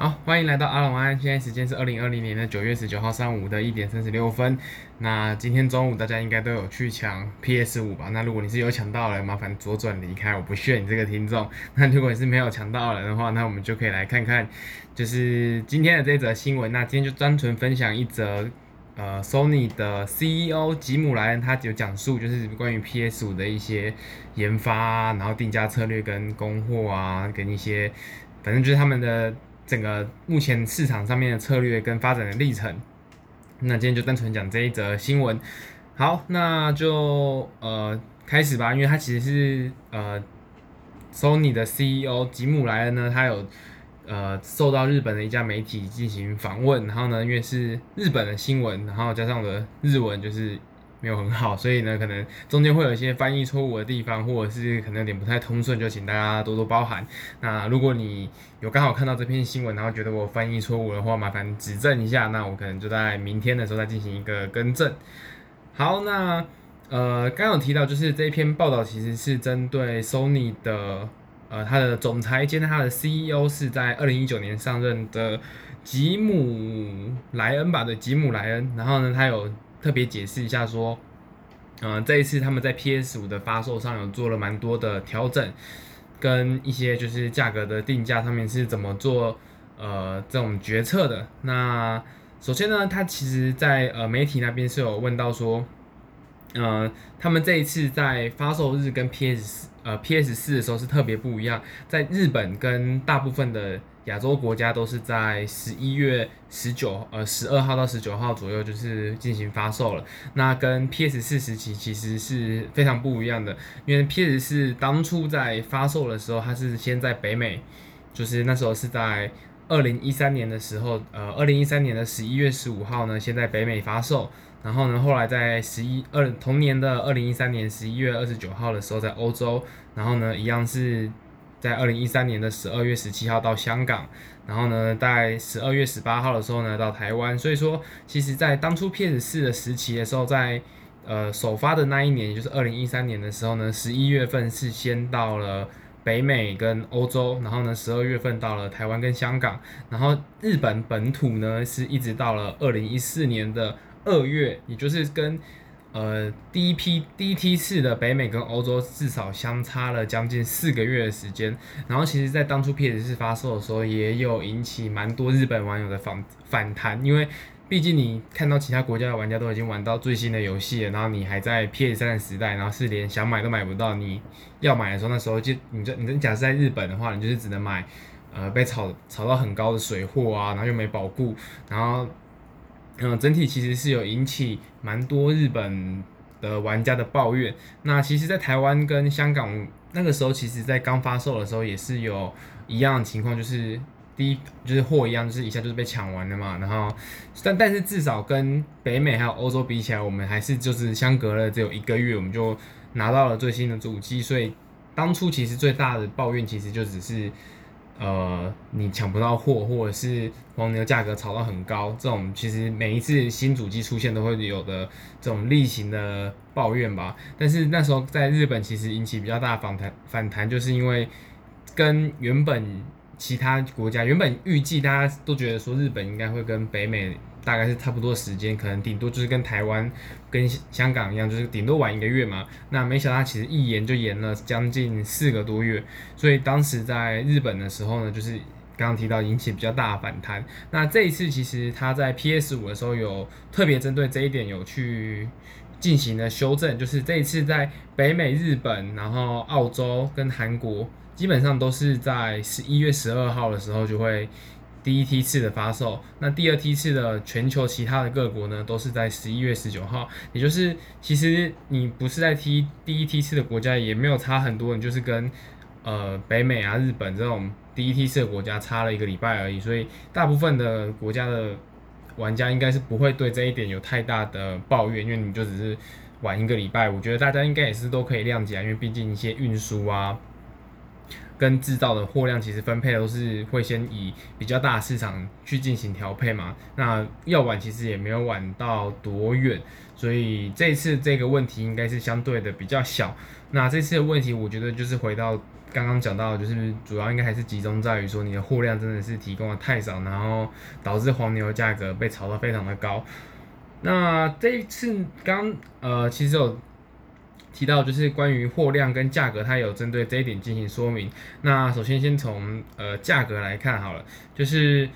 好，歡迎來到阿龍安。現在時間是二零二零年的九月十九號上午的一點三十六分。那今天中午大家應該都有去搶 PS 五吧？那如果你是有搶到了，麻煩左轉離開，我不屑你這個聽眾。那如果你是沒有搶到了的、的話，那我們就可以來看看，就是今天的這則新聞。那今天就單純分享一則，呃，Sony 的 CEO 吉姆萊恩他有講述，就是關於 PS 五的一些研發、啊，然後定價策略跟供貨啊，跟一些反正就是他們的。整個目前市場上面的策略跟發展的歷程，那今天就單純講這一則新聞。好，那就呃開始吧，因為它其實是呃 Sony 的 CEO 吉姆萊恩呢，他有呃受到日本的一家媒體進行訪問，然後呢，因為是日本的新聞，然後加上我的日文就是。沒有很好，所以呢，可能中間會有一些翻譯錯誤的地方，或者是可能有點不太通順，就請大家多多包涵。那如果你有剛好看到這篇新聞，然後覺得我翻譯錯誤的話，麻煩指正一下，那我可能就在明天的時候再進行一個更正。好，那呃，剛剛有提到就是這篇報道其實是針對 Sony 的，呃，它的總裁兼它的 CEO 是在二零一九年上任的吉姆萊恩吧？對，吉姆萊恩。然後呢，他有。特別解釋一下，說，嗯、呃，這一次他們在 PS 五的發售上有做了蠻多的調整，跟一些就是價格的定價上面是怎麼做，呃，這種決策的。那首先呢，他其實在，在呃媒體那邊是有問到說、呃，他們這一次在發售日跟 PS，呃 PS 四的時候是特別不一樣，在日本跟大部分的。亞洲國家都是在十一月十九，呃，十二號到十九號左右，就是進行發售了。那跟 PS 四時期其實是非常不一樣的，因為 PS 四當初在發售的時候，它是先在北美，就是那時候是在二零一三年的時候，呃，二零一三年的十一月十五號呢，先在北美發售，然後呢，後來在十一二同年的二零一三年十一月二十九號的時候在歐洲，然後呢，一樣是。在二零一三年的十二月十七號到香港，然後呢，在十二月十八號的時候呢，到台灣。所以說，其實，在當初 PS 四的時期的時候，在呃首發的那一年，就是二零一三年的時候呢，十一月份是先到了北美跟歐洲，然後呢，十二月份到了台灣跟香港，然後日本本土呢，是一直到了二零一四年的二月，也就是跟。呃，第一批，第一批次的北美跟歐洲至少相差了將近四個月的時間。然後其實，在當初 PS4 發售的時候，也有引起蠻多日本網友的反反彈，因為畢竟你看到其他國家的玩家都已經玩到最新的遊戲了，然後你還在 PS3 的時代，然後是連想買都買不到。你要買的時候，那時候就你就，你，就，你，就你假設在日本的話，你就是只能買呃被炒炒到很高的水貨啊，然後又沒保固，然後。嗯，整體其實是有引起蠻多日本的玩家的抱怨。那其實，在台灣跟香港那個時候，其實在剛發售的時候也是有一樣的情況，就是第一就是貨一樣，就是一下就是被搶完了嘛。然後，但但是至少跟北美還有歐洲比起來，我們還是就是相隔了只有一個月，我們就拿到了最新的主機。所以，當初其實最大的抱怨其實就只是。呃，你搶不到貨，或者是黃牛價格炒到很高，這種其實每一次新主機出現都會有的這種例行的抱怨吧。但是那時候在日本其實引起比較大的反彈，反彈就是因為跟原本其他國家，原本預計大家都覺得說日本應該會跟北美大概是差不多時間，可能頂多就是跟台灣，跟香港一樣，就是頂多晚一個月嘛。那沒想到，他其實一延就延了將近四個多月。所以當時在日本的時候呢，就是剛剛提到引起比較大的反彈。那這一次其實他在 PS5 的時候有特別針對這一點有去進行了修正，就是這一次在北美、日本、然後澳洲跟韓國，基本上都是在十一月十二號的時候就會。第一梯次的發售，那第二梯次的全球其他的各國呢，都是在十一月十九號，也就是其實你不是在梯第，第一梯次的國家，也沒有差很多，你就是跟呃北美啊、日本這種第一梯次的國家差了一個禮拜而已，所以大部分的國家的玩家應該是不會對這一點有太大的抱怨，因為你就只是晚一個禮拜，我覺得大家應該也是都可以諒解啊，因為畢竟一些運輸啊。跟製造的貨量其實分配都是會先以比較大的市場去進行調配嘛。那要晚其實也沒有晚到多遠，所以這次這個問題應該是相對的比較小。那這次的問題，我覺得就是回到剛剛講到，就是主要應該還是集中在於說你的貨量真的是提供的太少，然後導致黃牛價格被炒得非常的高。那這一次剛呃其實有。提到就是關於貨量跟價格，他有針對這一點進行說明。那首先先從呃價格來看好了，就是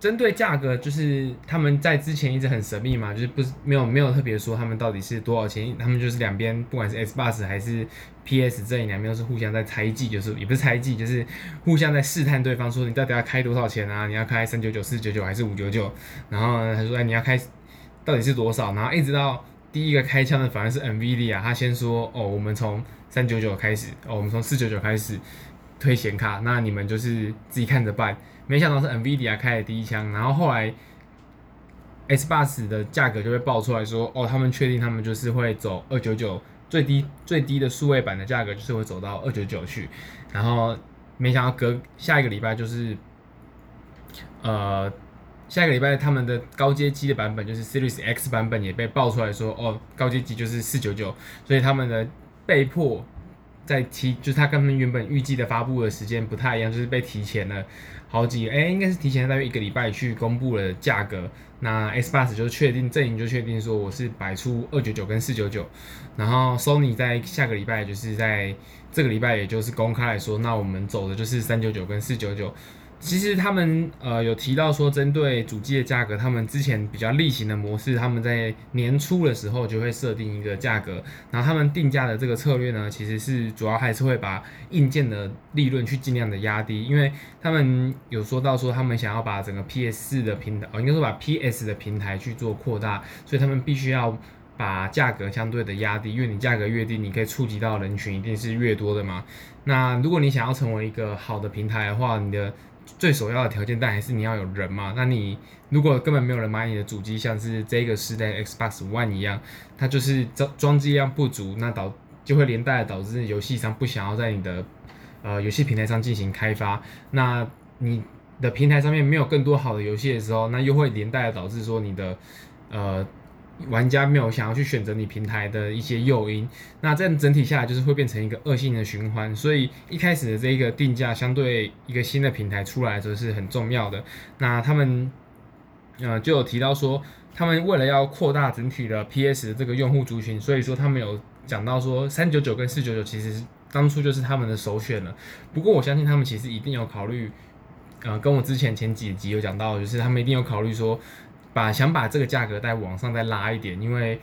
針對價格，就是他們在之前一直很神秘嘛，就是不是沒有沒有特別說他們到底是多少錢，他們就是兩邊不管是 Xbox 還是 P S 這兩邊都是互相在猜忌，就是也不是猜忌，就是互相在試探對方，說你到底要開多少錢啊？你要開三九九、四九九還是五九九？然後他說哎、欸、你要開到底是多少？然後一直到。第一個開槍的反而是 NVIDIA，他先說：“哦，我們從三九九開始，哦，我們從四九九開始推顯卡，那你們就是自己看着辦。”沒想到是 NVIDIA 開的第一槍，然後後來 Xbox 的價格就會爆出來說：“哦，他們確定他們就是會走二九九，最低最低的數位版的價格就是會走到二九九去。”然後沒想到隔下一個禮拜就是，呃。下個禮拜他們的高階機的版本就是 Series X 版本也被爆出來說，哦，高階機就是四九九，所以他們的被迫在提，就是他跟他們原本預計的發布的時間不太一樣，就是被提前了好幾個，哎、欸，應該是提前了大約一個禮拜去公布了價格。那 Xbox 就確定，陣營就確定說我是擺出二九九跟四九九，然後 Sony 在下個禮拜就是在這個禮拜，也就是公開來說，那我們走的就是三九九跟四九九。其實他們呃有提到說，針對主機的價格，他們之前比較例行的模式，他們在年初的時候就會設定一個價格。然後他們定價的這個策略呢，其實是主要還是會把硬件的利潤去儘量的壓低，因為他們有說到說，他們想要把整個 PS 四的平台，哦，應該說把 PS 的平台去做擴大，所以他們必須要把價格相對的壓低，因為你價格越低，你可以觸及到人群一定是越多的嘛。那如果你想要成為一個好的平台的話，你的最首要的條件，但還是你要有人嘛。那你如果根本沒有人買你的主機，像是這個時代 Xbox One 一樣，它就是裝裝機量不足，那導就會連帶導致遊戲商不想要在你的呃遊戲平台上進行開發。那你的平台上面沒有更多好的遊戲的時候，那又會連帶導致說你的呃。玩家沒有想要去選擇你平台的一些誘因，那這樣整體下來就是會變成一個惡性的循環，所以一開始的這個定價相對一個新的平台出來的時候是很重要的。那他們，呃，就有提到說，他們為了要擴大整體的 PS 這個用戶族群，所以說他們有講到說，三九九跟四九九其實當初就是他們的首選了。不過我相信他們其實一定有考慮，呃，跟我之前前幾集有講到，就是他們一定有考慮說。把想把這個價格再往上再拉一點，因為，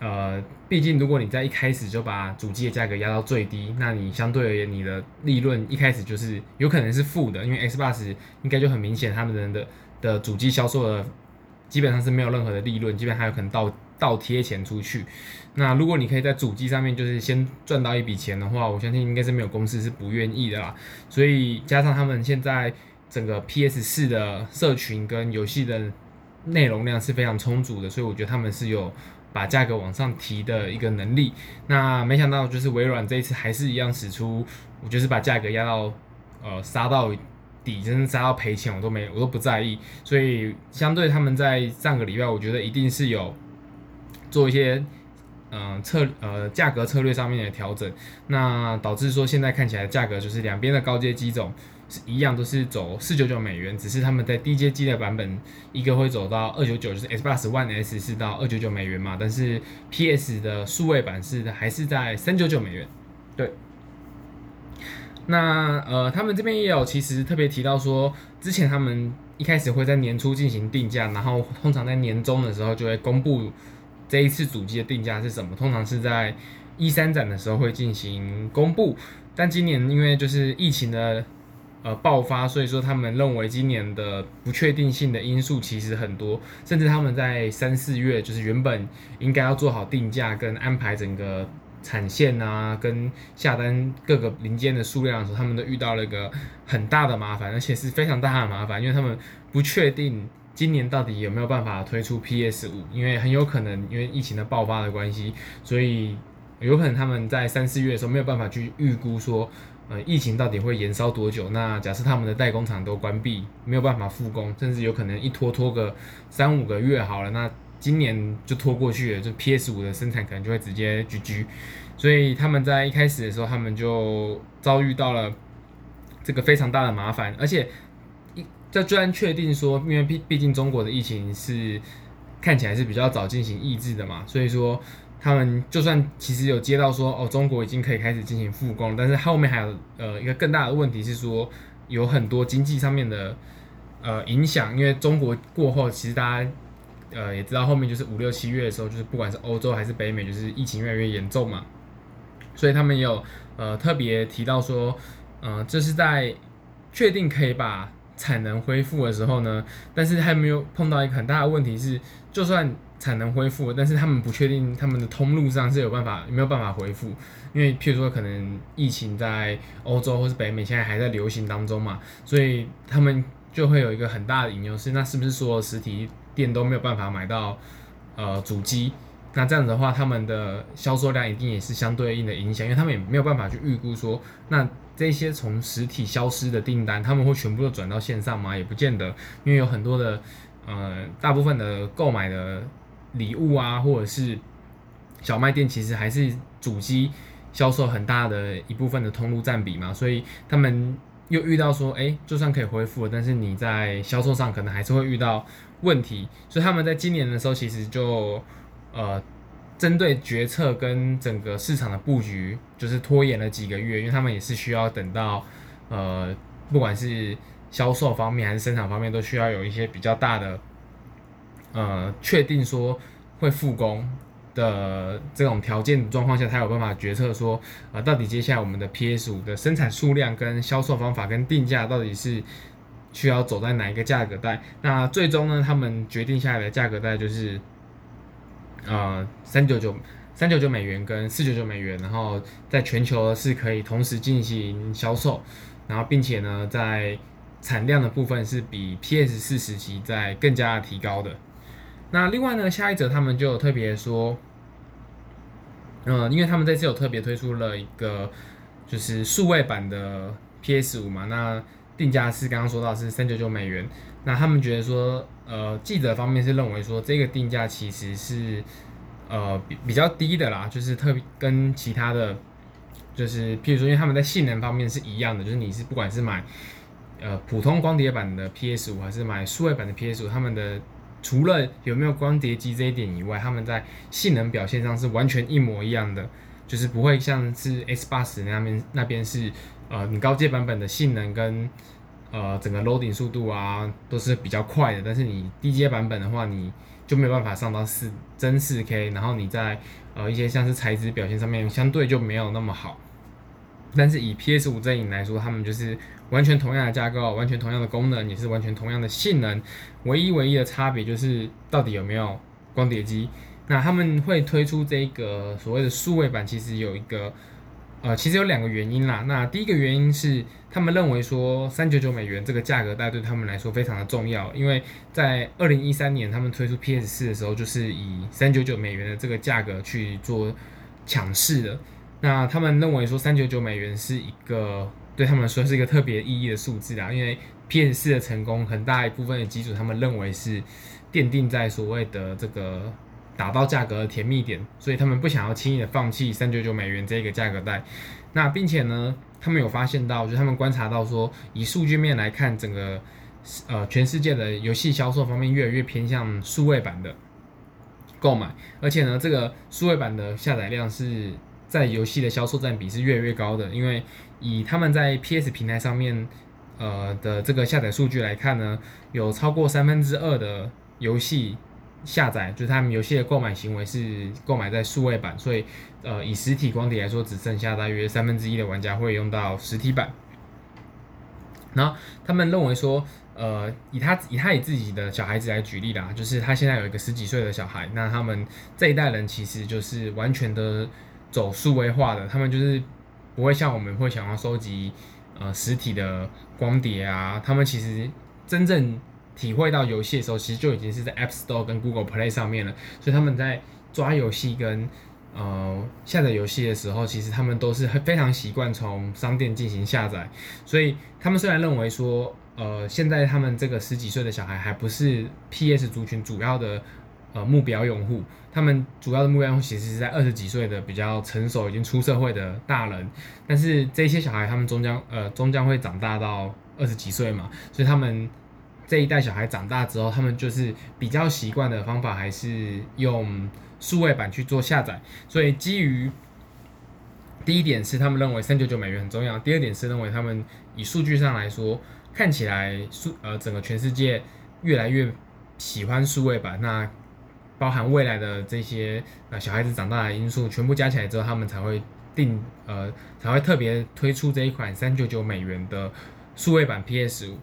呃，畢竟如果你在一開始就把主機的價格壓到最低，那你相對而言你的利潤一開始就是有可能是負的，因為 Xbox 應該就很明顯，他們的的主機銷售的基本上是沒有任何的利潤，基本上還有可能倒倒貼錢出去。那如果你可以在主機上面就是先賺到一筆錢的話，我相信應該是沒有公司是不願意的啦。所以加上他們現在整個 PS4 的社群跟遊戲的內容量是非常充足的，所以我覺得他們是有把價格往上提的一個能力。那沒想到就是微軟這一次還是一樣使出，我就是把價格壓到，呃，殺到底，真的殺到賠錢，我都沒，我都不在意。所以相對他們在上個禮拜，我覺得一定是有做一些，嗯、呃，策，呃，價格策略上面的調整，那導致說現在看起來價格就是兩邊的高階機種。一樣，都是走四九九美元，只是他們在低階機的版本，一個會走到二九九，就是 S Plus One S 是到二九九美元嘛，但是 PS 的數位版是還是在三九九美元。對，那呃，他們這邊也有其實特別提到說，之前他們一開始會在年初進行定價，然後通常在年終的時候就會公布這一次主機的定價是什麼，通常是在 E3 展的時候會進行公布，但今年因為就是疫情的。呃，爆發，所以說他們認為今年的不確定性的因素其實很多，甚至他們在三四月就是原本應該要做好定價跟安排整個產線啊，跟下單各個零件的數量的時候，他們都遇到了一個很大的麻煩，而且是非常大的麻煩，因為他們不確定今年到底有沒有辦法推出 PS5，因為很有可能因為疫情的爆發的關係，所以有可能他們在三四月的時候沒有辦法去預估說。呃，疫情到底會延燒多久？那假設他們的代工廠都關閉，沒有辦法復工，甚至有可能一拖拖個三五個月好了，那今年就拖過去了，就 PS5 的生產可能就會直接 GG。所以他們在一開始的時候，他們就遭遇到了這個非常大的麻煩，而且一這居然確定說，因為畢畢竟中國的疫情是看起來是比較早進行抑制的嘛，所以說。他們就算其實有接到說哦，中國已經可以開始進行復工，但是後面還有呃一個更大的問題是說，有很多經濟上面的呃影響，因為中國過後其實大家呃也知道後面就是五六七月的時候，就是不管是歐洲還是北美，就是疫情越來越嚴重嘛，所以他們也有呃特別提到說，嗯、呃，這、就是在確定可以把產能恢復的時候呢，但是還沒有碰到一個很大的問題是，就算。產能恢復，但是他們不確定他們的通路上是有辦法，沒有辦法恢復？因為譬如說，可能疫情在歐洲或是北美現在還在流行當中嘛，所以他們就會有一個很大的隱憂，是那是不是所有實體店都沒有辦法買到呃主機？那這樣子的話，他們的銷售量一定也是相對應的影響，因為他們也沒有辦法去預估說，那這些從實體消失的訂單，他們會全部都轉到線上嗎？也不見得，因為有很多的呃，大部分的購買的。禮物啊，或者是小賣店，其實還是主機銷售很大的一部分的通路占比嘛，所以他們又遇到說，哎、欸，就算可以恢復了，但是你在銷售上可能還是會遇到問題，所以他們在今年的時候其實就呃，針對決策跟整個市場的布局，就是拖延了幾個月，因為他們也是需要等到呃，不管是銷售方面還是生產方面，都需要有一些比較大的。呃，確定說會復工的這種條件狀況下，他有辦法決策說，啊，呃，到底接下來我們的 PS 五的生產數量、跟銷售方法、跟定價到底是需要走在哪一個價格帶？那最終呢，他們決定下來的價格帶就是，呃，三九九、三九九美元跟四九九美元，然後在全球是可以同時進行銷售，然後並且呢，在產量的部分是比 PS 四時期再更加的提高的。那另外呢，下一則他們就有特別說，嗯、呃，因為他們這次有特別推出了一個就是數位版的 PS 五嘛，那定價是剛剛說到是三九九美元。那他們覺得說，呃，記者方面是認為說這個定價其實是呃比較低的啦，就是特別跟其他的，就是譬如說，因為他們在性能方面是一樣的，就是你是不管是買呃普通光碟版的 PS 五，還是買數位版的 PS 五，他們的。除了有沒有光碟機這一點以外，他們在性能表現上是完全一模一樣的，就是不會像是 X80 那邊那邊是，呃，你高階版本的性能跟呃整個 loading 速度啊都是比較快的，但是你低階版本的話，你就沒有辦法上到四真四 K，然後你在呃一些像是材質表現上面相對就沒有那麼好，但是以 PS5 陣營來說，他們就是。完全同樣的架構，完全同樣的功能，也是完全同樣的性能，唯一唯一的差別就是到底有沒有光碟機。那他們會推出這個所謂的數位版，其實有一個，呃，其實有兩個原因啦。那第一個原因是他們認為說三九九美元這個價格，大家對他們來說非常的重要，因為在二零一三年他們推出 PS 四的時候，就是以三九九美元的這個價格去做強勢的。那他們認為說三九九美元是一個。對他們說是一個特別意義的數字啊，因為 PS 四的成功很大一部分的基礎，他們認為是奠定在所謂的這個達到價格的甜蜜點，所以他們不想要輕易的放棄三九九美元這個價格帶。那並且呢，他們有發現到，就是、他們觀察到說，以數據面來看，整個呃全世界的遊戲銷售方面越來越偏向數位版的購買，而且呢，這個數位版的下載量是在遊戲的銷售占比是越來越高的，因為。以他們在 PS 平台上面，呃的這個下載數據來看呢，有超過三分之二的遊戲下載，就是他們遊戲的購買行為是購買在數位版，所以，呃，以實體光碟來說，只剩下大約三分之一的玩家會用到實體版。然後他們認為說，呃，以他以他以自己的小孩子來舉例啦，就是他現在有一個十幾歲的小孩，那他們這一代人其實就是完全的走數位化的，他們就是。不會像我們會想要收集呃實體的光碟啊，他們其實真正體會到遊戲的時候，其實就已經是在 App Store 跟 Google Play 上面了。所以他們在抓遊戲跟呃下載遊戲的時候，其實他們都是非常習慣從商店進行下載。所以他們雖然認為說，呃，現在他們這個十幾歲的小孩還不是 PS 族群主要的。呃，目標用戶他們主要的目標其實是在二十幾歲的比較成熟、已經出社會的大人，但是這些小孩他們終將呃終將會長大到二十幾歲嘛，所以他們這一代小孩長大之後，他們就是比較習慣的方法還是用數位版去做下載，所以基於第一點是他們認為三九九美元很重要，第二點是認為他們以數據上來說看起來數呃整個全世界越來越喜歡數位版那。包含未來的這些呃小孩子長大的因素全部加起來之後，他們才會定呃才會特別推出這一款399美元的數位版 PS5。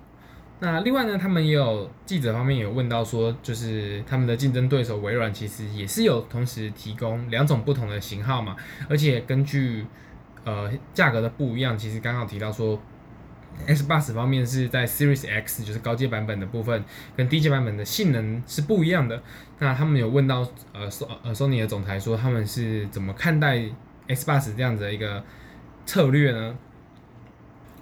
那另外呢，他們也有記者方面有問到說，就是他們的競爭對手微軟其實也是有同時提供兩種不同的型號嘛，而且根據呃價格的不一樣，其實剛好提到說。Xbox 方面是在 Series X 就是高階版本的部分，跟低階版本的性能是不一樣的。那他們有問到呃，Sony 的總裁說他們是怎麼看待 Xbox 這樣子的一個策略呢？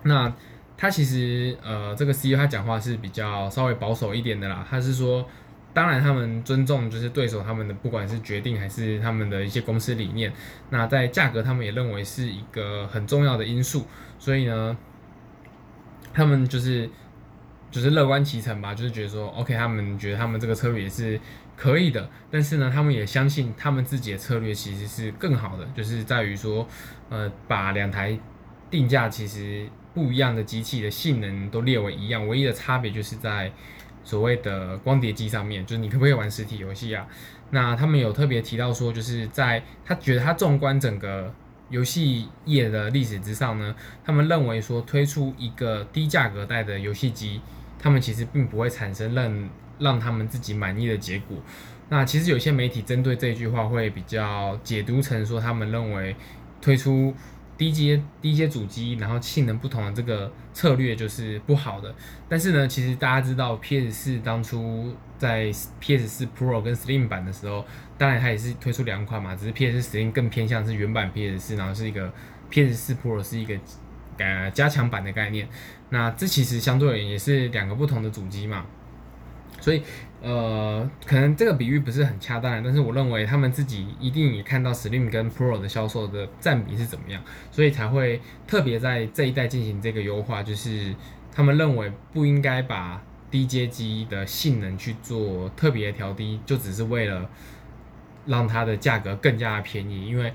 那他其實呃，這個 CEO 他講話是比較稍微保守一點的啦。他是說，當然他們尊重就是對手他們的不管是決定還是他們的一些公司理念。那在價格，他們也認為是一個很重要的因素。所以呢。他們就是就是樂觀其成吧，就是覺得說，OK，他們覺得他們這個策略也是可以的。但是呢，他們也相信他們自己的策略其實是更好的，就是在於說，呃，把兩台定價其實不一樣的機器的性能都列為一樣，唯一的差別就是在所謂的光碟機上面，就是你可不可以玩實體遊戲啊？那他們有特別提到說，就是在他覺得他縱觀整個。遊戲業的歷史之上呢，他們認為說推出一個低價格帶的遊戲機，他們其實並不會產生讓讓他們自己滿意的結果。那其實有些媒體針對這句話會比較解讀成說，他們認為推出低階低階主機，然後性能不同的這個策略就是不好的。但是呢，其實大家知道，PS4 當初在 PS4 Pro 跟 Slim 版的時候。當然，它也是推出兩款嘛，只是 PS 四 Slim 更偏向是原版 PS 四，然後是一個 PS 四 Pro 是一個呃加強版的概念。那這其實相對而言也是兩個不同的主機嘛，所以呃，可能這個比喻不是很恰當，但是我認為他們自己一定也看到 Slim 跟 Pro 的銷售的占比是怎麼樣，所以才會特別在這一代進行這個優化，就是他們認為不應該把低階機的性能去做特別調低，就只是為了。讓它的價格更加的便宜，因為，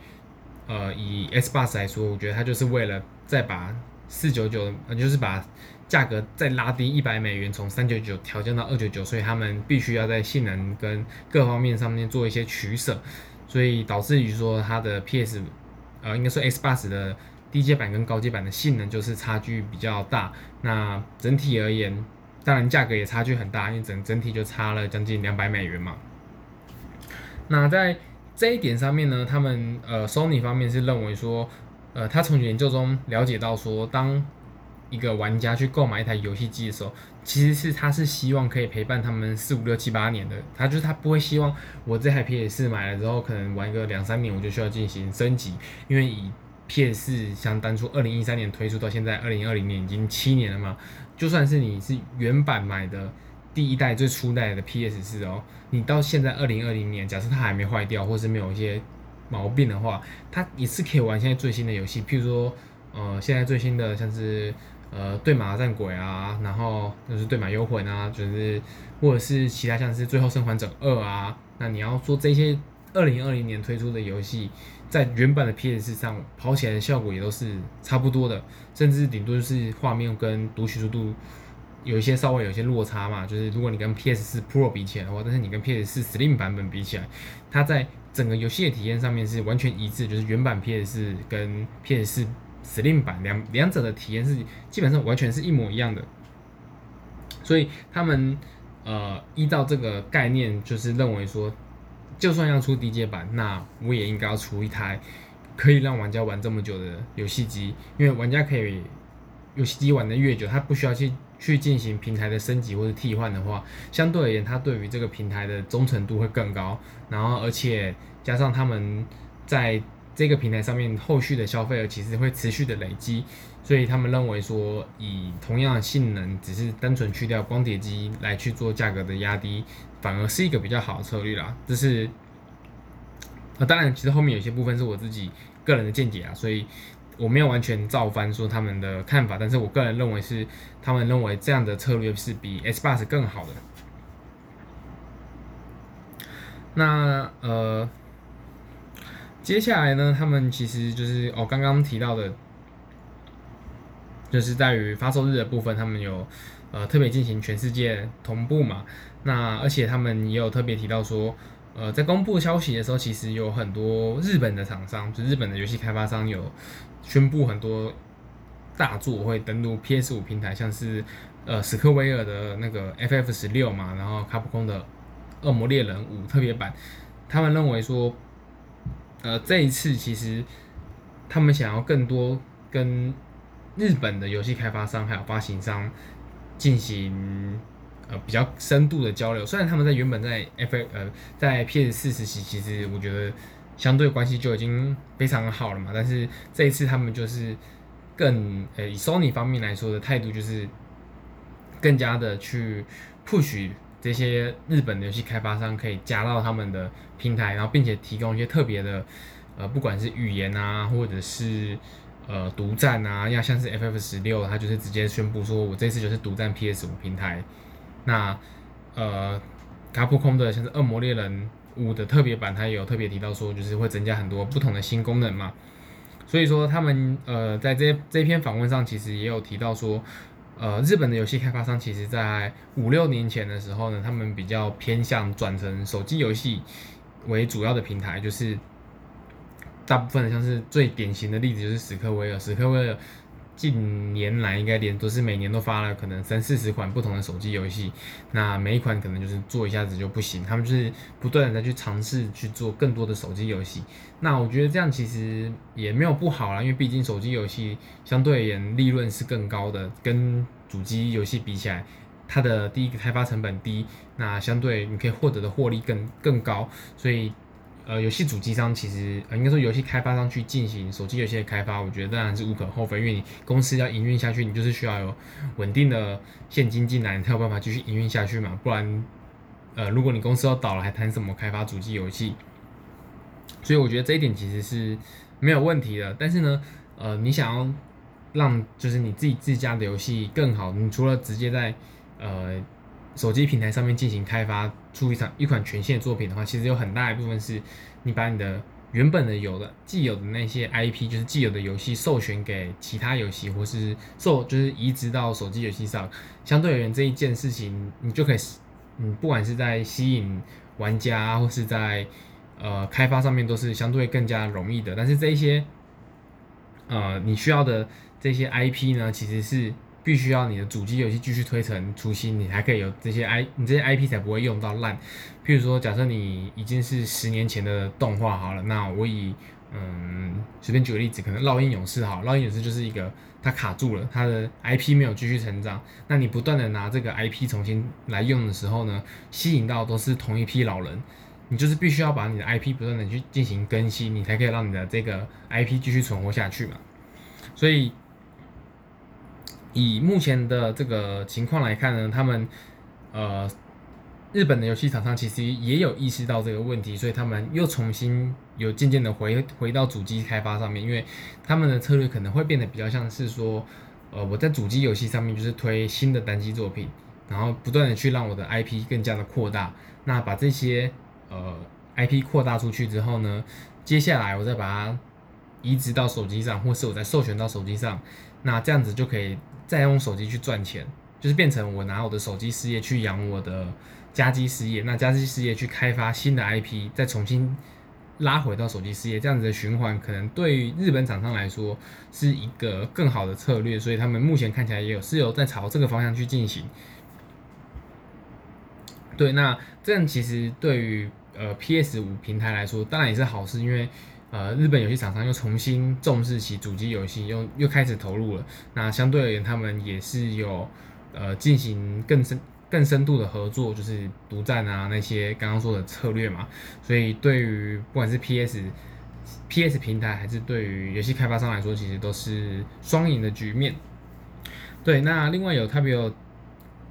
呃，以 Xbox 來說，我覺得它就是為了再把四九九，就是把價格再拉低一百美元，從三九九調降到二九九，所以他們必須要在性能跟各方面上面做一些取捨，所以導致於說它的 PS，呃，應該說 Xbox 的低階版跟高階版的性能就是差距比較大，那整體而言，當然價格也差距很大，因為整整體就差了將近兩百美元嘛。那在這一點上面呢，他們呃，Sony 方面是認為說，呃，他從研究中了解到說，當一個玩家去購買一台遊戲機的時候，其實是他是希望可以陪伴他們四五六七八年的，他就是他不會希望我這台 PS 買了之後，可能玩個兩三年我就需要進行升級，因為以 PS 像當初二零一三年推出到現在二零二零年已經七年了嘛，就算是你是原版買的，第一代最初代的 PS 四哦，你到現在二零二零年，假設它還沒壞掉，或者是沒有一些毛病的話，它也是可以玩現在最新的遊戲。譬如說，呃，現在最新的像是呃《對馬戰鬼》啊，然後就是《對馬幽魂》啊，就是或者是其他像是《最後生還者二》啊。那你要說這些二零二零年推出的遊戲，在原版的 PS 四上跑起來的效果也都是差不多的，甚至頂多就是畫面跟讀取速度。有一些稍微有些落差嘛，就是如果你跟 P S 四 Pro 比起來的話，但是你跟 P S 四 Slim 版本比起來，它在整個遊戲的體驗上面是完全一致，就是原版 P S 四跟 P S 四 Slim 版兩兩者的體驗是基本上完全是一模一樣的。所以他們呃，依照這個概念，就是認為說，就算要出低階版，那我也應該要出一台可以讓玩家玩這麼久的遊戲機，因為玩家可以遊戲機玩的越久，他不需要去。去進行平台的升級或者替換的話，相對而言，它對於這個平台的忠誠度會更高。然後，而且加上他們在這個平台上面後續的消費額其實會持續的累積，所以他們認為說，以同樣的性能，只是單純去掉光碟機來去做價格的壓低，反而是一個比較好的策略啦。這是啊、哦，當然，其實後面有些部分是我自己個人的見解啊，所以。我沒有完全照翻說他們的看法，但是我個人認為是他們認為這樣的策略是比 Xbox 更好的。那呃，接下來呢，他們其實就是哦剛剛提到的，就是在於發售日的部分，他們有呃特別進行全世界同步嘛。那而且他們也有特別提到說，呃，在公布消息的時候，其實有很多日本的廠商，就是，日本的遊戲開發商有。宣布很多大作會登陸 PS 五平台，像是呃史克威爾的那個 FF 十六嘛，然後卡普空的《惡魔獵人五》特別版。他們認為說，呃，這一次其實他們想要更多跟日本的遊戲開發商還有發行商進行呃比較深度的交流。雖然他們在原本在 FF 呃在 PS 四時期，其實我覺得。相對關係就已經非常好了嘛，但是這一次他們就是更呃、欸、以 Sony 方面來說的態度就是更加的去 push 這些日本的遊戲開發商可以加到他們的平台，然後並且提供一些特別的呃不管是語言啊或者是呃獨占啊，像像是 F F 十六，他就是直接宣布說我這次就是獨占 P S 五平台，那呃卡普空的像是惡魔獵人。五的特別版，它也有特別提到說，就是會增加很多不同的新功能嘛。所以說，他們呃，在這這篇訪問上，其實也有提到說，呃，日本的遊戲開發商其實在五六年前的時候呢，他們比較偏向轉成手機遊戲為主要的平台，就是大部分的像是最典型的例子就是史克威爾，史克威爾。近年來應該連都是每年都發了可能三四十款不同的手機遊戲，那每一款可能就是做一下子就不行，他們就是不斷的再去嘗試去做更多的手機遊戲。那我覺得這樣其實也沒有不好啦，因為畢竟手機遊戲相對而言利潤是更高的，跟主機遊戲比起來，它的第一個開發成本低，那相對你可以獲得的獲利更更高，所以，呃，遊戲主機商其實，呃，應該說遊戲開發商去進行手機遊戲的開發，我覺得當然是無可厚非，因為你公司要營運下去，你就是需要有穩定的現金進來，你才有辦法繼續營運下去嘛，不然，呃，如果你公司要倒了，還談什麼開發主機遊戲？所以我覺得這一點其實是沒有問題的。但是呢，呃，你想要讓就是你自己自家的遊戲更好，你除了直接在，呃。手機平台上面進行開發出一場一款全新的作品的話，其實有很大一部分是你把你的原本的有的既有的那些 IP，就是既有的遊戲授權給其他遊戲，或是授就是移植到手機遊戲上。相對而言，這一件事情你就可以，嗯，不管是在吸引玩家或是在呃開發上面，都是相對更加容易的。但是這一些呃你需要的這些 IP 呢，其實是。必須要你的主機遊戲繼續推陳出新，你才可以有這些 I，你這些 IP 才不會用到爛。譬如說，假設你已經是十年前的動畫好了，那我以嗯隨便舉個例子，可能烙印勇士好，烙印勇士就是一個它卡住了，它的 IP 沒有繼續成長。那你不斷的拿這個 IP 重新來用的時候呢，吸引到都是同一批老人，你就是必須要把你的 IP 不斷的去進行更新，你才可以讓你的這個 IP 繼續存活下去嘛。所以。以目前的這個情況來看呢，他們，呃，日本的遊戲廠商其實也有意識到這個問題，所以他們又重新有漸漸的回回到主機開發上面，因為他們的策略可能會變得比較像是說，呃，我在主機遊戲上面就是推新的單機作品，然後不斷的去讓我的 IP 更加的擴大，那把這些呃 IP 擴大出去之後呢，接下來我再把它移植到手機上，或是我再授權到手機上，那這樣子就可以。再用手機去賺錢，就是變成我拿我的手機事業去養我的家機事業，那家機事業去開發新的 IP，再重新拉回到手機事業這樣子的循環，可能對於日本廠商來說是一個更好的策略，所以他們目前看起來也有是有在朝這個方向去進行。對，那這樣其實對於呃 PS5 平台來說，當然也是好事，因為。呃，日本遊戲廠商又重新重視起主機遊戲，又又開始投入了。那相對而言，他們也是有呃進行更深、更深度的合作，就是獨佔啊那些剛剛說的策略嘛。所以對於不管是 PS PS 平台，還是對於遊戲開發商來說，其實都是雙贏的局面。對，那另外有特別有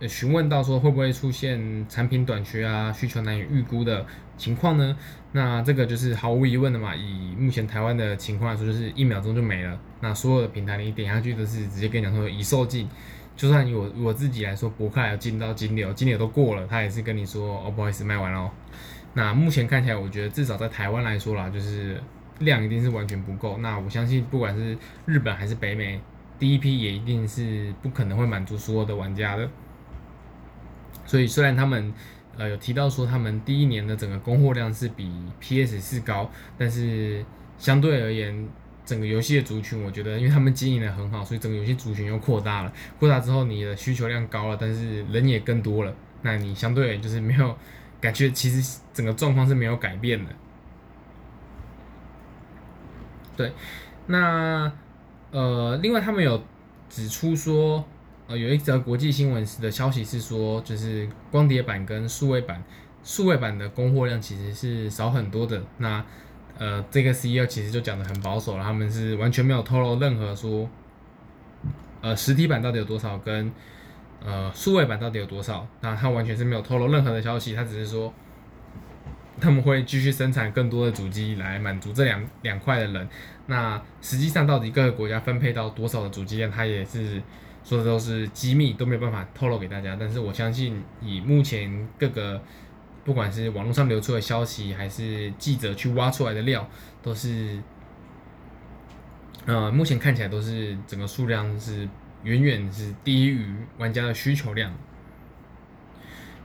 詢問到說會不會出現產品短缺啊、需求難以預估的。情況呢？那這個就是毫無疑問的嘛。以目前台灣的情況來說，就是一秒鐘就沒了。那所有的平台你點下去都是直接跟你講說已售罄。就算以我我自己來說，博客，還有進到金流，金流都過了，他也是跟你說哦，不好意思，賣完嘍。那目前看起來，我覺得至少在台灣來說啦，就是量一定是完全不夠。那我相信，不管是日本還是北美，第一批也一定是不可能會滿足所有的玩家的。所以，雖然他們。啊，有提到說他們第一年的整個供貨量是比 PS4 高，但是相對而言，整個遊戲的族群，我覺得因為他們經營的很好，所以整個遊戲族群又擴大了。擴大之後，你的需求量高了，但是人也更多了，那你相對就是沒有感覺，其實整個狀況是沒有改變的。對，那呃，另外他們有指出說。呃，有一則國際新聞的消息是說，就是光碟版跟數位版，數位版的供貨量其實是少很多的。那呃，這個 CEO 其實就講的很保守了，他們是完全沒有透露任何說，呃，實體版到底有多少，跟呃數位版到底有多少。那他完全是沒有透露任何的消息，他只是說他們會繼續生產更多的主機來滿足這兩兩塊的人。那實際上到底各個國家分配到多少的主機量，他也是。說的都是機密，都沒有辦法透露給大家。但是我相信，以目前各個不管是網絡上流出的消息，還是記者去挖出來的料，都是、呃、目前看起來都是整個數量是遠遠是低於玩家的需求量。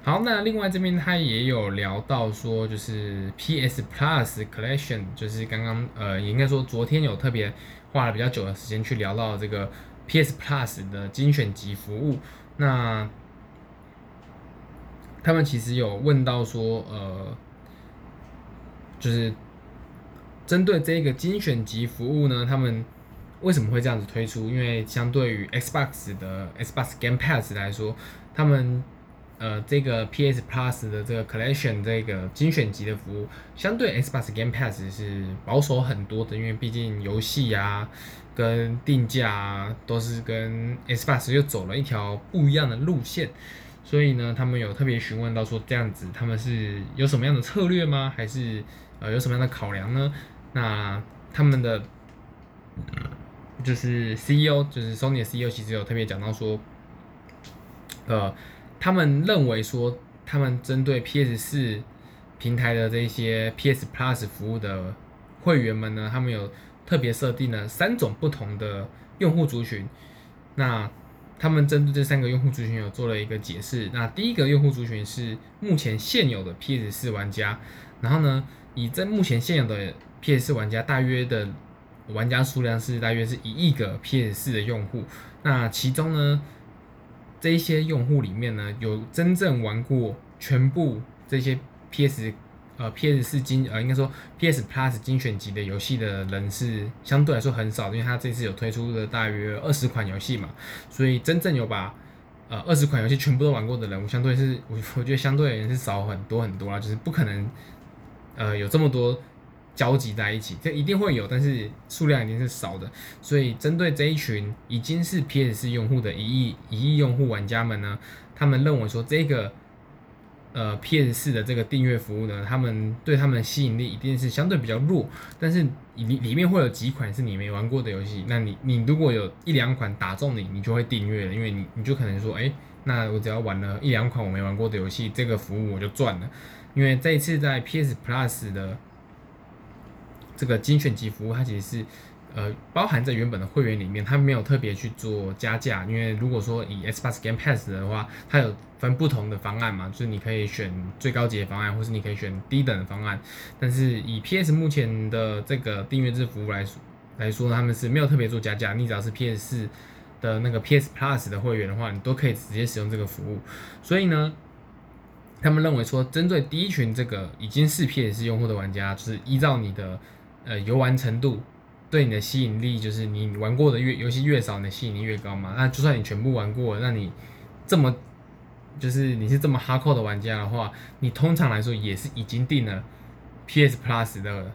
好，那另外這邊他也有聊到說，就是 PS Plus Collection，就是剛剛呃，也應該說昨天有特別花了比較久的時間去聊到這個。PS Plus 的精選集服務，那他們其實有問到說，呃，就是針對這個精選集服務呢，他們為什麼會這樣子推出？因為相對於 Xbox 的 Xbox Game Pass 來說，他們。呃，這個 PS Plus 的這個 Collection 這個精選集的服務，相對 Xbox Game Pass 是保守很多的，因為畢竟遊戲啊跟定價啊都是跟 Xbox 又走了一條不一樣的路線，所以呢，他們有特別詢問到說這樣子他們是有什麼樣的策略嗎？還是呃有什麼樣的考量呢？那他們的就是 CEO，就是 Sony 的 CEO 其實有特別講到說，呃。他們認為說，他們針對 PS 四平台的這些 PS Plus 服務的會員們呢，他們有特別設定了三種不同的用戶族群。那他們針對這三個用戶族群有做了一個解釋。那第一個用戶族群是目前現有的 PS 四玩家，然後呢，以在目前現有的 PS 四玩家大約的玩家數量是大約是一億個 PS 四的用戶，那其中呢，這一些用戶裡面呢，有真正玩過全部這些 PS 呃 PS 四精，呃，應該說 PS Plus 精選集的遊戲的人是相對來說很少，因為他這次有推出的大約二十款遊戲嘛，所以真正有把呃二十款遊戲全部都玩過的人，我相對是，我我覺得相對而言是少很多很多啊，就是不可能呃有這麼多。交集在一起，這一定會有，但是數量一定是少的。所以針對這一群已經是 PS 用戶的一億一億用戶玩家們呢，他們認為說這個呃 PS 的這個訂閱服務呢，他們對他們的吸引力一定是相對比較弱。但是里裡面會有幾款是你沒玩過的遊戲，那你你如果有一兩款打中你，你就會訂閱了，因為你你就可能說，哎，那我只要玩了一兩款我沒玩過的遊戲，這個服務我就賺了。因為這一次在 PS Plus 的這個精選級服務，它其實是呃包含在原本的會員裡面，它沒有特別去做加價。因為如果說以 Xbox Game Pass 的話，它有分不同的方案嘛，就是你可以選最高級的方案，或是你可以選低等的方案。但是以 PS 目前的這個訂閱制服務來說來說，他們是沒有特別做加價。你只要是 PS 的那個 PS Plus 的會員的話，你都可以直接使用這個服務。所以呢，他們認為說，針對第一群這個已經是 PS 用戶的玩家，就是依照你的。呃，遊玩程度對你的吸引力，就是你玩過的越遊戲越少，你的吸引力越高嘛。那就算你全部玩過了，那你這麼就是你是這麼 hardcore 的玩家的話，你通常來說也是已經訂了 PS Plus 的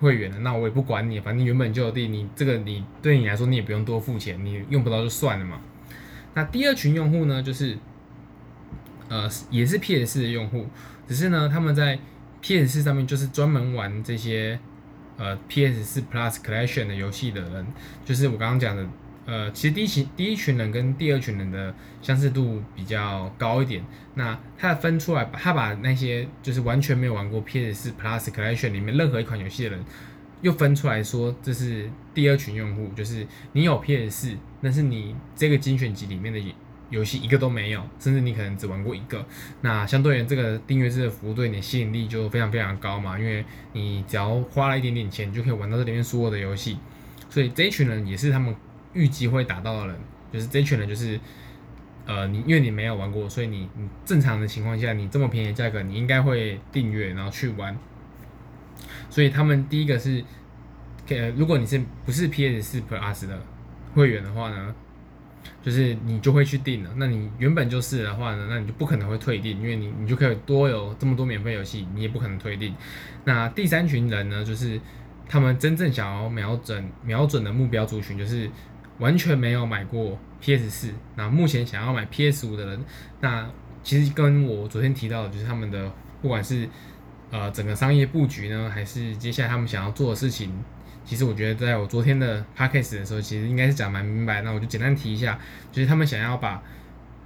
會員了。那我也不管你，反正原本就有訂，你這個你對你來說你也不用多付錢，你用不到就算了嘛。那第二群用戶呢，就是呃也是 PS 的用戶，只是呢他們在 PS 上面就是專門玩這些。呃，PS4 Plus Collection 的遊戲的人，就是我剛剛講的，呃，其實第一群第一群人跟第二群人的相似度比較高一點。那他分出來，他把那些就是完全沒有玩過 PS4 Plus Collection 裡面任何一款遊戲的人，又分出來說這是第二群用戶，就是你有 PS4，那是你這個精選集裡面的。遊戲一個都沒有，甚至你可能只玩過一個。那相對於這個訂閱制的服務，對你的吸引力就非常非常高嘛。因為你只要花了一點點錢，就可以玩到這裡面所有的遊戲。所以這一群人也是他們預計會達到的人，就是這一群人就是，呃，你因為你沒有玩過，所以你你正常的情況下，你這麼便宜的價格，你應該會訂閱然後去玩。所以他們第一個是，呃，如果你是不是 PS 四 Plus 的會員的話呢？就是你就會去訂了，那你原本就是的話呢，那你就不可能會退訂，因為你你就可以多有這麼多免費遊戲，你也不可能退訂。那第三群人呢，就是他們真正想要瞄準瞄準的目標族群，就是完全沒有買過 PS 四，那目前想要買 PS 五的人，那其實跟我昨天提到的，就是他們的不管是呃整個商業布局呢，還是接下來他們想要做的事情。其實我覺得，在我昨天的 podcast 的時候，其實應該是講蠻明白的。那我就簡單提一下，就是他們想要把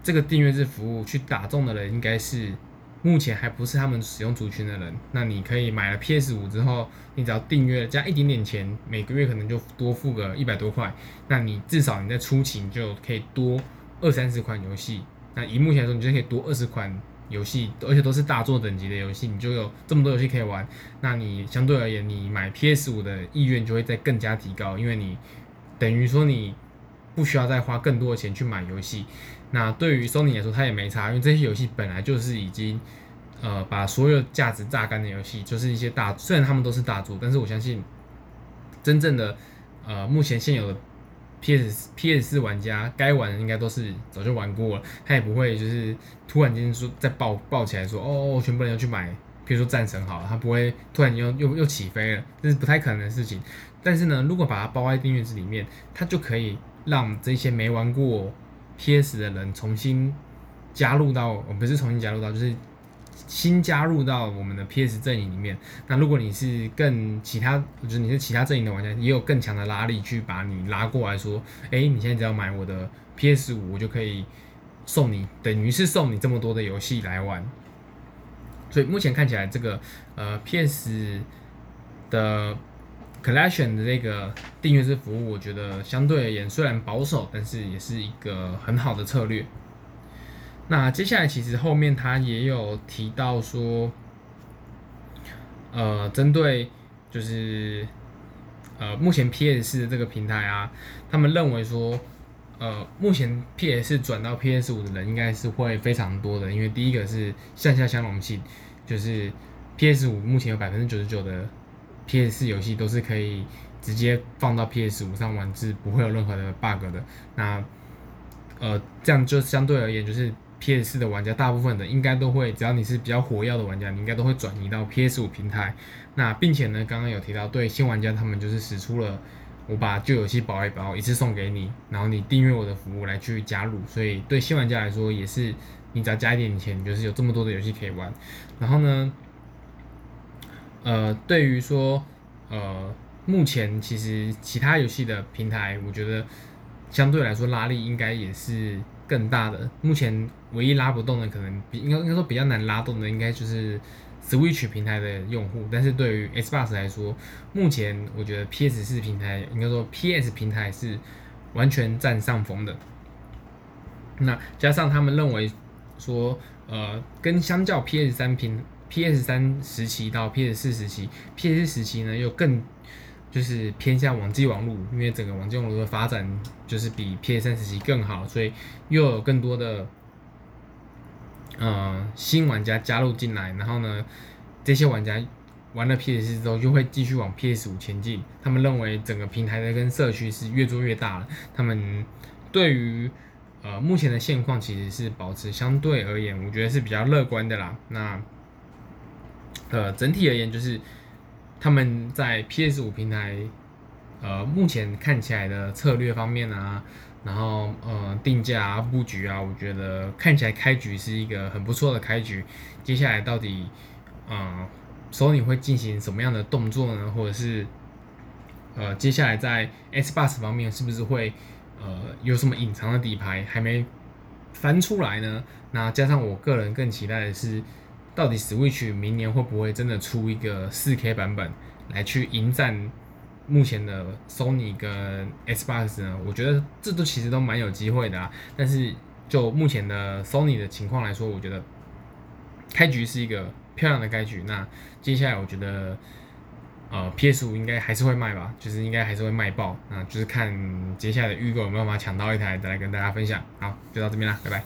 這個訂閱制服務去打中的人，應該是目前還不是他們使用族群的人。那你可以買了 PS 五之後，你只要訂閱加一點點錢，每個月可能就多付個一百多塊。那你至少你在初期就可以多二三十款遊戲。那以目前來說，你就可以多二十款。遊戲，而且都是大作等級的遊戲，你就有這麼多遊戲可以玩。那你相對而言，你買 PS5 的意願就會再更加提高，因為你等於說你不需要再花更多的錢去買遊戲。那對於索尼來說，它也沒差，因為這些遊戲本來就是已經呃把所有價值榨乾的遊戲，就是一些大，雖然他們都是大作，但是我相信真正的呃目前現有的。PS PS4 玩家該玩的應該都是早就玩過了，他也不會就是突然間說再爆爆起來說哦，哦，全部人要去買，比如說戰神好了，他不會突然又又又起飛了，這是不太可能的事情。但是呢，如果把它包在訂閱制裡面，它就可以讓這些沒玩過 PS 的人重新加入到，不是重新加入到，就是。新加入到我們的 PS 陣營裡面，那如果你是更其他，就是你是其他陣營的玩家，也有更強的拉力去把你拉過來，說，哎、欸，你現在只要買我的 PS 五，我就可以送你，等於是送你這麼多的遊戲來玩。所以目前看起來，這個呃 PS 的 Collection 的這個訂閱制服務，我覺得相對而言雖然保守，但是也是一個很好的策略。那接下來其實後面他也有提到說，呃，針對就是呃目前 P S 四的這個平台啊，他們認為說，呃，目前 P S 四轉到 P S 五的人應該是會非常多的，因為第一個是向下相容性，就是 P S 五目前有百分之九十九的 P S 四遊戲都是可以直接放到 P S 五上玩，是不會有任何的 bug 的。那呃這樣就相對而言就是。PS4 的玩家，大部分的應該都會，只要你是比較活躍的玩家，你應該都會轉移到 PS5 平台。那並且呢，剛剛有提到對新玩家，他們就是使出了我把舊遊戲包一包，一次送給你，然後你訂閱我的服務來去加入。所以對新玩家來說，也是你只要加一點錢，就是有這麼多的遊戲可以玩。然後呢，呃，對於說，呃，目前其實其他遊戲的平台，我覺得相對來說拉力應該也是。更大的，目前唯一拉不動的，可能比應該應該說比較難拉動的，應該就是 Switch 平台的用戶。但是對於 Xbox 來說，目前我覺得 PS 四平台應該說 PS 平台是完全佔上風的。那加上他們認為說，呃，跟相較 PS 三平 PS 三時期到 PS 四時期，PS 四時期呢又更。就是偏向網際網路，因為整個網際網路的發展就是比 PS 三時期更好，所以又有更多的、呃、新玩家加入進來。然後呢，這些玩家玩了 PS 四之後，就會繼續往 PS 五前進。他們認為整個平台的跟社區是越做越大了。他們對於呃目前的現況，其實是保持相對而言，我覺得是比較樂觀的啦。那呃整體而言，就是。他們在 PS5 平台，呃，目前看起來的策略方面啊，然後呃，定價啊，布局啊，我覺得看起來開局是一個很不錯的開局。接下來到底啊，呃，索尼會進行什麼樣的動作呢？或者是呃，接下來在 Xbox 方面是不是會呃有什麼隱藏的底牌還沒翻出來呢？那加上我個人更期待的是。到底 Switch 明年會不會真的出一個 4K 版本來去迎戰目前的 Sony 跟 Xbox 呢？我覺得這都其實都蠻有機會的啊。但是就目前的 Sony 的情況來說，我覺得開局是一個漂亮的開局。那接下來我覺得，呃，PS5 應該還是會賣吧，就是應該還是會賣爆。啊，就是看接下來的預購有沒有辦法搶到一台，再來跟大家分享。好，就到這邊啦，拜拜。